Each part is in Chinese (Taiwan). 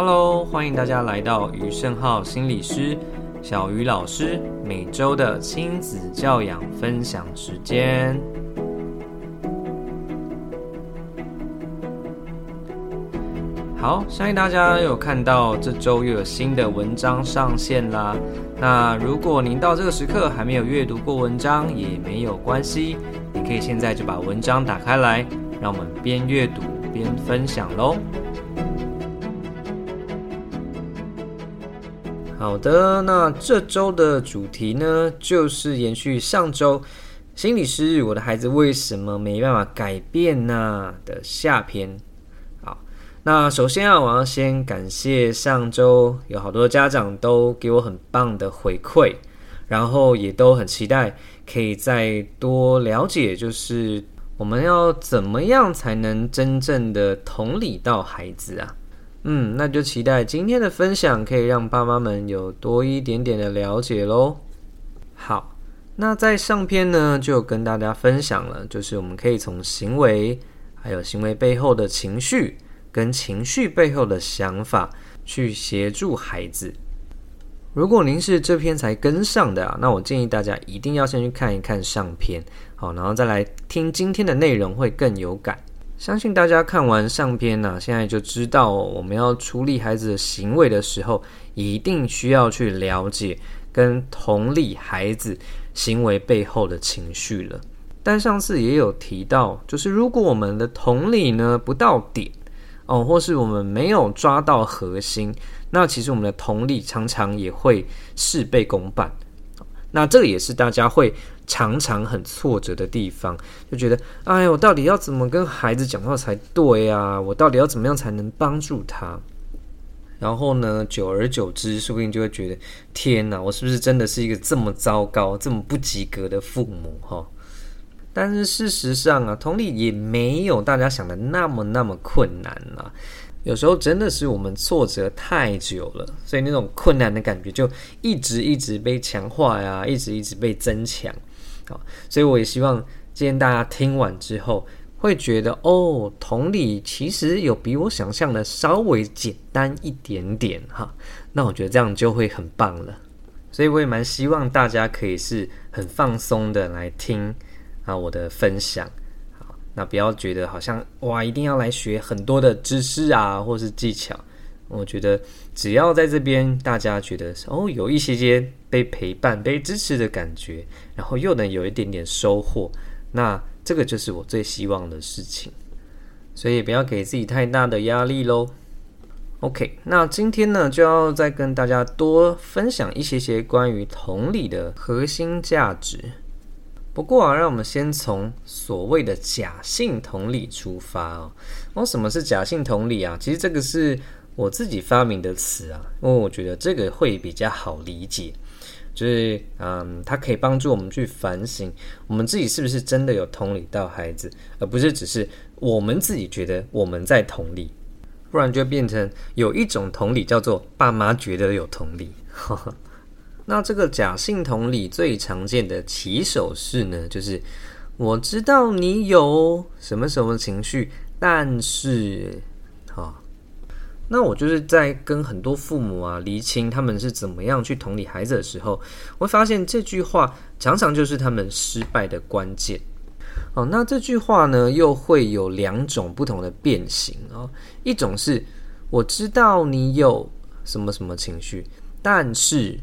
Hello，歡迎大家來到余勝皓心理師小魚老師每周的親子教養分享時間。好，相信大家有看到這周又有新的文章上線啦。那如果您到這個時刻還沒有閱讀過文章，也沒有關係，你可以現在就把文章打開來，讓我們邊閱讀邊分享嘍。好的，那這周的主題呢，就是延續上周《心理師，我的孩子為什麼沒辦法改變呢》啊、的下篇。好，那首先啊，我要先感謝上周有好多家長都給我很棒的回饋，然後也都很期待可以再多了解，就是我們要怎麼樣才能真正的同理到孩子啊。嗯，那就期待今天的分享可以讓爸媽們有多一點點的了解嘍好，那在上篇呢，就跟大家分享了，就是我們可以從行為，還有行為背後的情緒，跟情緒背後的想法去協助孩子。如果您是這篇才跟上的啊，那我建議大家一定要先去看一看上篇，好，然後再來聽今天的內容會更有感。相信大家看完上篇呢，啊，現在就知道，哦，我們要處理孩子的行為的時候，一定需要去了解跟同理孩子行為背後的情緒了。但上次也有提到，就是如果我們的同理呢不到底，哦，或是我們沒有抓到核心，那其實我們的同理常常也會事倍功半。那這也是大家會。常常很挫折的地方，就覺得，哎，我到底要怎麼跟孩子講話才對啊？我到底要怎麼樣才能幫助他？然後呢，久而久之，說不定就會覺得，天哪，我是不是真的是一個這麼糟糕、這麼不及格的父母哈？但是事實上啊，同理也沒有大家想的那麼那麼困難啦、啊。有時候真的是我們挫折太久了，所以那種困難的感覺就一直一直被強化呀、啊，一直一直被增強。所以我也希望今天大家聽完之後，會覺得哦，同理其實有比我想象的稍微簡單一點點哈，那我覺得這樣就會很棒了。所以我也蠻希望大家可以是很放鬆的來聽啊我的分享，好，那不要覺得好像哇一定要來學很多的知識啊或是技巧，我覺得只要在這邊大家覺得哦有一些些。被陪伴、被支持的感覺，然後又能有一點點收穫，那這個就是我最希望的事情。所以也不要給自己太大的壓力嘍。OK，那今天呢，就要再跟大家多分享一些些關於同理的核心價值。不過啊，讓我們先從所謂的假性同理出發哦。哦，什麼是假性同理啊？其實這個是我自己發明的詞啊，因為我覺得這個會比較好理解。所以嗯，它可以幫助我們去反省，我們自己是不是真的有同理到孩子，而不是只是我們自己覺得我們在同理，不然就變成有一種同理叫做爸媽覺得有同理。 那這個假性同理最常見的起手式呢，就是我知道你有什麼什麼情緒，但是。那我就是在跟很多父母啊，釐清他們是怎麼樣去同理孩子的時候，會發現這句話常常就是他們失敗的關鍵。哦，那這句話呢，又會有兩種不同的變形哦，一種是我知道你有什麼什麼情緒，但是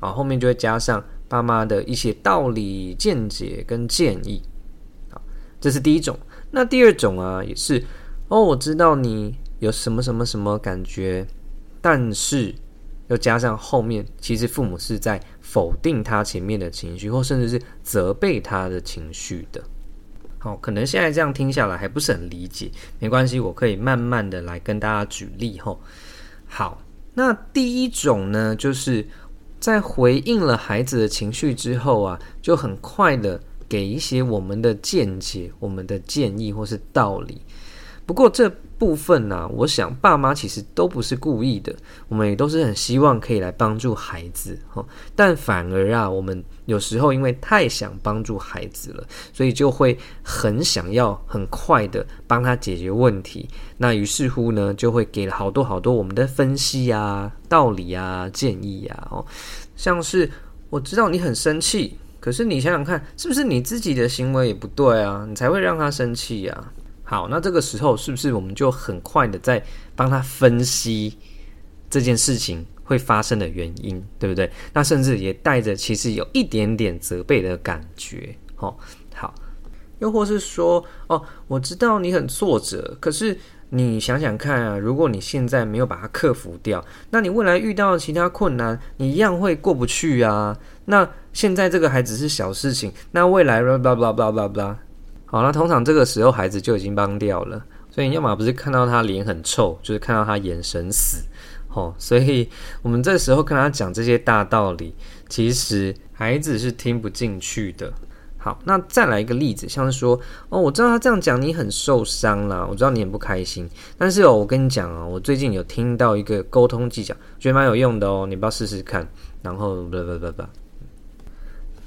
啊、哦、後面就會加上爸媽的一些道理見解跟建議，啊、哦、這是第一種。那第二種啊也是哦，我知道你。有什麼什麼什麼感覺，但是又加上後面，其實父母是在否定他前面的情緒，或甚至是責備他的情緒的。好，可能現在這樣聽下來還不是很理解，沒關係，我可以慢慢的來跟大家舉例。吼，好，那第一種呢，就是在回應了孩子的情緒之後啊，就很快的給一些我們的見解、我們的建議或是道理。不過這部分呢、啊，我想爸媽其實都不是故意的，我們也都是很希望可以來幫助孩子、哦、但反而啊，我們有時候因為太想幫助孩子了，所以就會很想要很快的幫他解決問題。那於是乎呢，就會給了好多好多我們的分析啊、道理啊、建議啊哦，像是我知道你很生氣，可是你想想看，是不是你自己的行為也不對啊，你才會讓他生氣呀、啊。好，那這個時候是不是我們就很快的在幫他分析這件事情會發生的原因，對不對？那甚至也帶着其實有一點點責備的感覺，哦，好，又或是說，哦，我知道你很挫折，可是你想想看啊，如果你現在沒有把它克服掉，那你未來遇到其他困難，你一樣會過不去啊。那現在這個還只是小事情，那未來，blah blah blah blah blah, blah。好了，那通常這個時候孩子就已經崩掉了，所以要麼不是看到他臉很臭，就是看到他眼神死。嗯、哦，所以我們這時候跟他講這些大道理，其實孩子是聽不進去的。好，那再來一個例子，像是說哦，我知道他這樣講你很受傷啦，我知道你很不開心，但是哦，我跟你講啊、哦，我最近有聽到一個溝通技巧，覺得蠻有用的哦，你不要試試看，然後不不不不。吧吧吧吧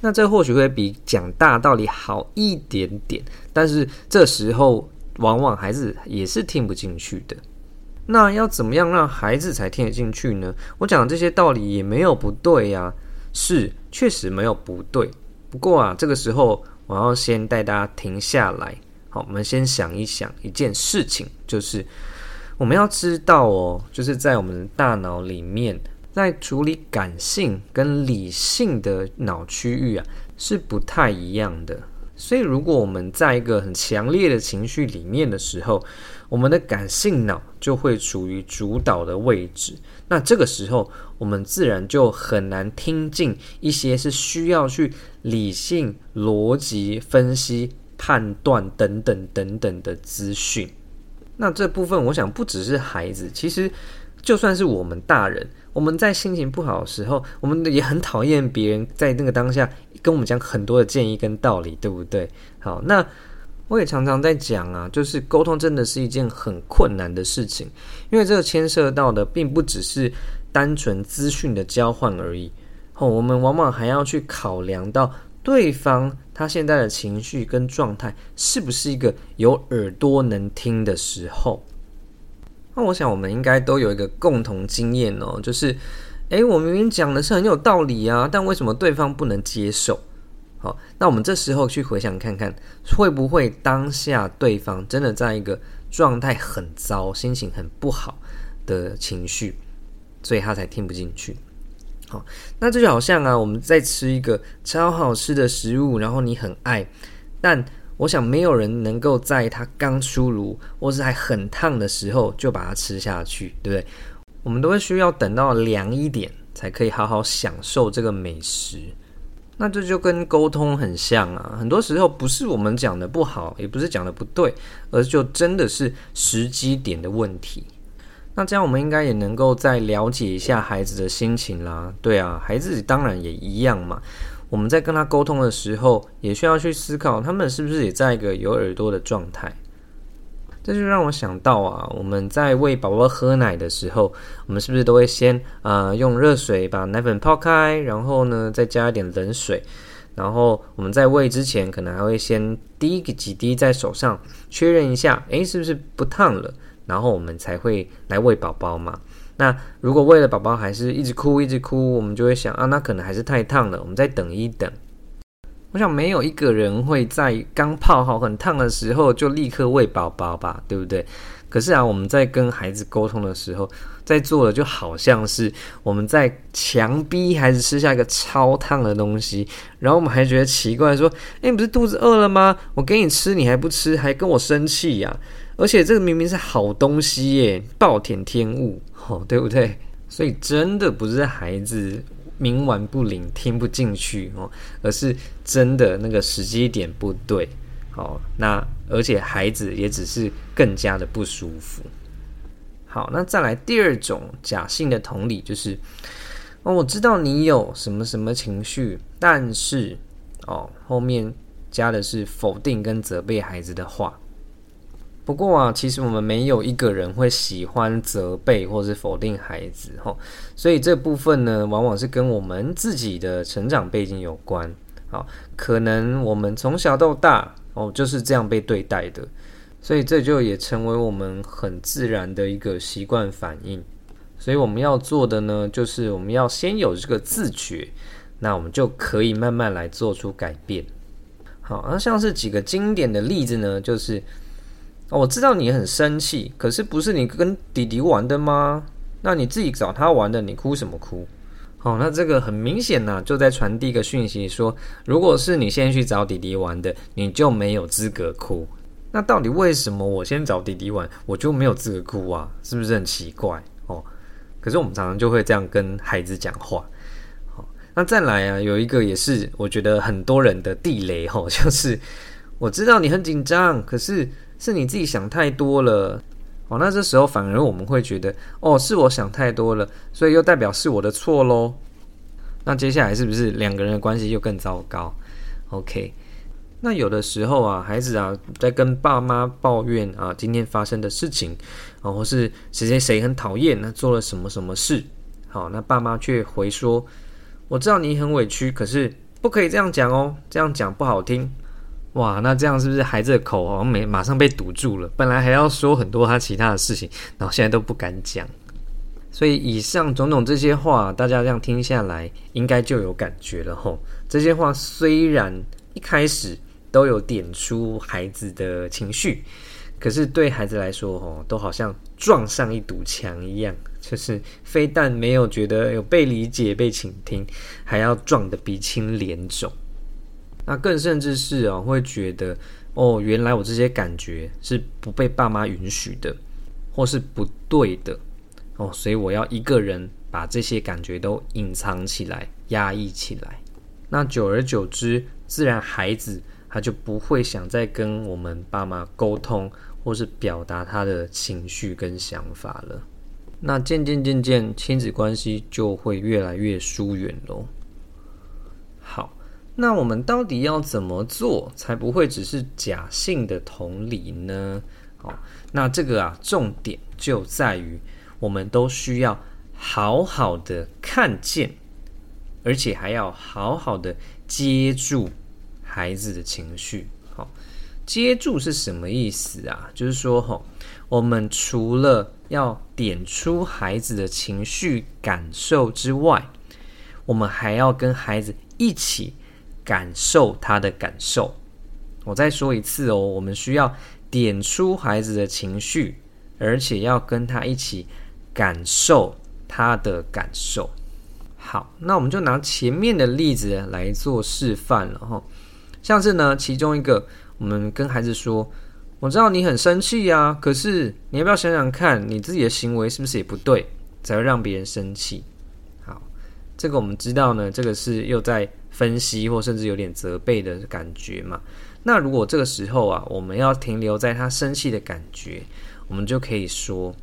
那這或許會比講大道理好一點點，但是這時候往往孩子也是聽不進去的。那要怎麼樣讓孩子才聽得進去呢？我講的這些道理也沒有不對呀、啊，是確實沒有不對。不過啊，這個時候我要先帶大家停下來。好，我們先想一想一件事情，就是我們要知道哦，就是在我們的大腦裡面。在處理感性跟理性的腦區域啊，是不太一樣的。所以，如果我們在一個很強烈的情緒裡面的時候，我們的感性腦就會處於主導的位置。那這個時候，我們自然就很難聽進一些是需要去理性、邏輯、分析、判斷等等等等的資訊。那這部分，我想不只是孩子，其實。就算是我們大人，我們在心情不好的時候，我們也很討厭別人在那個當下跟我們講很多的建議跟道理，對不對？好，那我也常常在講啊，就是溝通真的是一件很困難的事情，因為這個牽涉到的並不只是單純資訊的交換而已。哦，我們往往還要去考量到對方他現在的情緒跟狀態是不是一個有耳朵能聽的時候。那我想，我們應該都有一個共同經驗哦，就是，誒，我明明講的是很有道理啊，但為什麼對方不能接受？好，那我們這時候去回想看看，會不會當下對方真的在一個狀態很糟、心情很不好的情緒，所以他才聽不進去。好，那這就好像啊，我們在吃一個超好吃的食物，然後你很愛，但，我想沒有人能夠在它剛出爐或是還很燙的時候就把它吃下去，對不對？我們都會需要等到涼一點才可以好好享受這個美食。那這就跟溝通很像啊，很多時候不是我們講的不好，也不是講的不對，而就真的是時機點的問題。那這樣我們應該也能夠再了解一下孩子的心情啦，對啊，孩子當然也一樣嘛。我們在跟他溝通的時候，也需要去思考，他們是不是也在一個有耳朵的狀態？這就讓我想到啊，我們在餵寶寶喝奶的時候，我們是不是都會先啊、呃、用熱水把奶粉泡開，然後呢再加一點冷水，然後我們在餵之前，可能還會先滴個幾滴在手上，確認一下，誒，是不是不燙了，然後我們才會來餵寶寶嘛。那如果餵了寶寶還是一直哭一直哭，我們就會想啊，那可能還是太燙了，我們再等一等。我想沒有一個人會在剛泡好很燙的時候就立刻餵寶寶吧，對不對？可是啊，我們在跟孩子溝通的時候，在做的就好像是我們在強逼孩子吃下一個超燙的東西，然後我們還覺得奇怪說，說、欸、哎，你不是肚子餓了嗎？我給你吃你還不吃，還跟我生氣呀、啊？而且這個明明是好東西耶，暴殄天，天物。哦，對不對？所以真的不是孩子冥頑不靈、聽不進去哦，而是真的那個時機點不對哦。好，那而且孩子也只是更加的不舒服。好，那再來第二種假性的同理，就是哦，我知道你有什麼什麼情緒，但是哦，後面加的是否定跟責備孩子的話。不過啊，其實我們沒有一個人會喜歡責備或是否定孩子，齁，所以這部分呢，往往是跟我們自己的成長背景有關。好，可能我們從小到大哦，就是這樣被對待的，所以這就也成為我們很自然的一個習慣反應。所以我們要做的呢，就是我們要先有這個自覺，那我們就可以慢慢來做出改變。好，那，啊，像是幾個經典的例子呢，就是。哦、我知道你很生氣，可是不是你跟弟弟玩的嗎？那你自己找他玩的，你哭什麼哭？好、哦，那這個很明顯吶、啊，就在傳遞一個訊息說，說如果是你先去找弟弟玩的，你就沒有資格哭。那到底為什麼我先找弟弟玩，我就沒有資格哭啊？是不是很奇怪？哦，可是我們常常就會這樣跟孩子講話。好、哦，那再來啊，有一個也是我覺得很多人的地雷齁、哦，就是我知道你很緊張，可是。是你自己想太多了，哦，那這時候反而我們會覺得，哦，是我想太多了，所以又代表是我的錯嘍。那接下來是不是兩個人的關係又更糟糕？OK，那有的時候啊，孩子啊，在跟爸媽抱怨啊，今天發生的事情，啊、哦，或是誰誰誰很討厭，那做了什麼什麼事，好，那爸媽卻回說，我知道你很委屈，可是不可以這樣講哦，這樣講不好聽。哇，那這樣是不是孩子的口好像沒馬上被堵住了？本來還要說很多他其他的事情，然後現在都不敢講。所以以上種種這些話，大家這樣聽下來，應該就有感覺了吼。這些話雖然一開始都有點出孩子的情緒，可是對孩子來說吼，都好像撞上一堵牆一樣，就是非但沒有覺得有被理解、被傾聽，還要撞得鼻青臉腫。那更甚至是啊，會覺得哦，原來我這些感覺是不被爸媽允許的，或是不對的。哦，所以我要一個人把這些感覺都隱藏起來、壓抑起來。那久而久之，自然孩子他就不會想再跟我們爸媽溝通，或是表達他的情緒跟想法了。那漸漸漸漸，親子關係就會越來越疏遠咯。好。那我們到底要怎麼做，才不會只是假性的同理呢？哦，那這個啊，重點就在於我們都需要好好的看見，而且還要好好的接住孩子的情緒。好，接住是什麼意思啊？就是說，吼，我們除了要點出孩子的情緒感受之外，我們還要跟孩子一起。感受他的感受。我再說一次哦，我們需要點出孩子的情緒，而且要跟他一起感受他的感受。好，那我們就拿前面的例子來做示範了。哈，像是呢，其中一個，我們跟孩子說：“我知道你很生氣呀，可是你要不要想想看，你自己的行為是不是也不對，才會讓別人生氣？”好，這個我們知道呢，這個是又在。分析或甚至有點責備的感覺嘛？那如果這個時候啊，我們要停留在他生氣的感覺，我們就可以說：“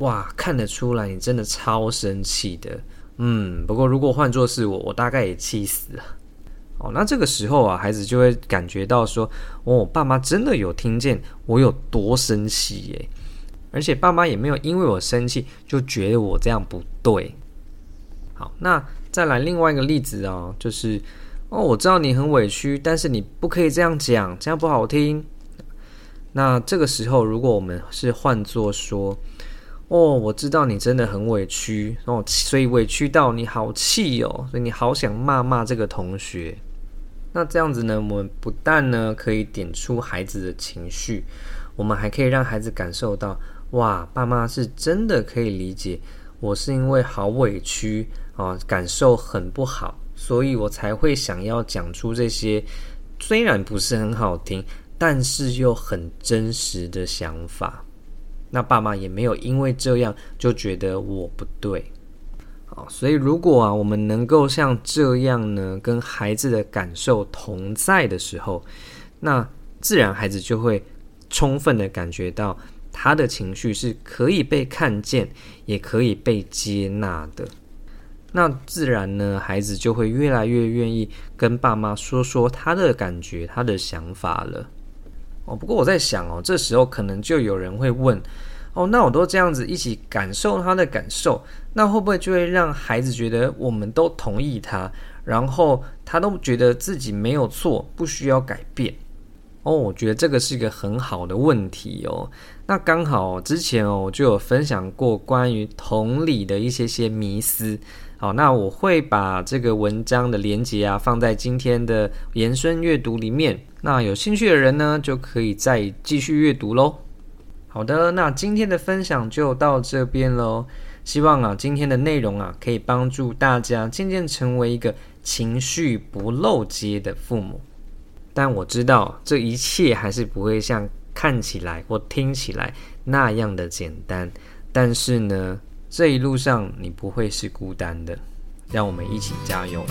哇，看得出來你真的超生氣的。”嗯，不過如果換作是我，我大概也氣死了。哦，那這個時候啊，孩子就會感覺到說：“哦，我爸媽真的有聽見我有多生氣耶，而且爸媽也沒有因為我生氣就覺得我這樣不對。”好，那。再來另外一個例子啊，哦，就是哦，我知道你很委屈，但是你不可以這樣講，這樣不好聽。那這個時候，如果我們是換作說，哦，我知道你真的很委屈哦，所以委屈到你好氣哦，所以你好想罵罵這個同學。那這樣子呢，我們不但呢可以點出孩子的情緒，我們還可以讓孩子感受到，哇，爸媽是真的可以理解，我是因為好委屈。啊，感受很不好，所以我才會想要講出這些，雖然不是很好聽，但是又很真實的想法。那爸媽也沒有因為這樣就覺得我不對。好，所以如果啊，我們能夠像這樣呢，跟孩子的感受同在的時候，那自然孩子就會充分的感覺到他的情緒是可以被看見，也可以被接納的。那自然呢，孩子就會越來越願意跟爸媽說說他的感覺、他的想法了。哦，不過我在想哦，這時候可能就有人會問哦，那我都這樣子一起感受他的感受，那會不會就會讓孩子覺得我們都同意他，然後他都覺得自己沒有錯，不需要改變？哦，我覺得這個是一個很好的問題哦。那剛好之前哦，我就有分享過關於同理的一些些迷思。好、哦，那我會把這個文章的鏈接啊放在今天的延伸閱讀裡面。那有興趣的人呢，就可以再繼續閱讀嘍。好的，那今天的分享就到這邊嘍。希望啊，今天的內容啊，可以幫助大家漸漸成為一個情緒不漏接的父母。但我知道這一切還是不會像看起來或聽起來那樣的簡單。但是呢。這一路上你不會是孤單的，讓我們一起加油。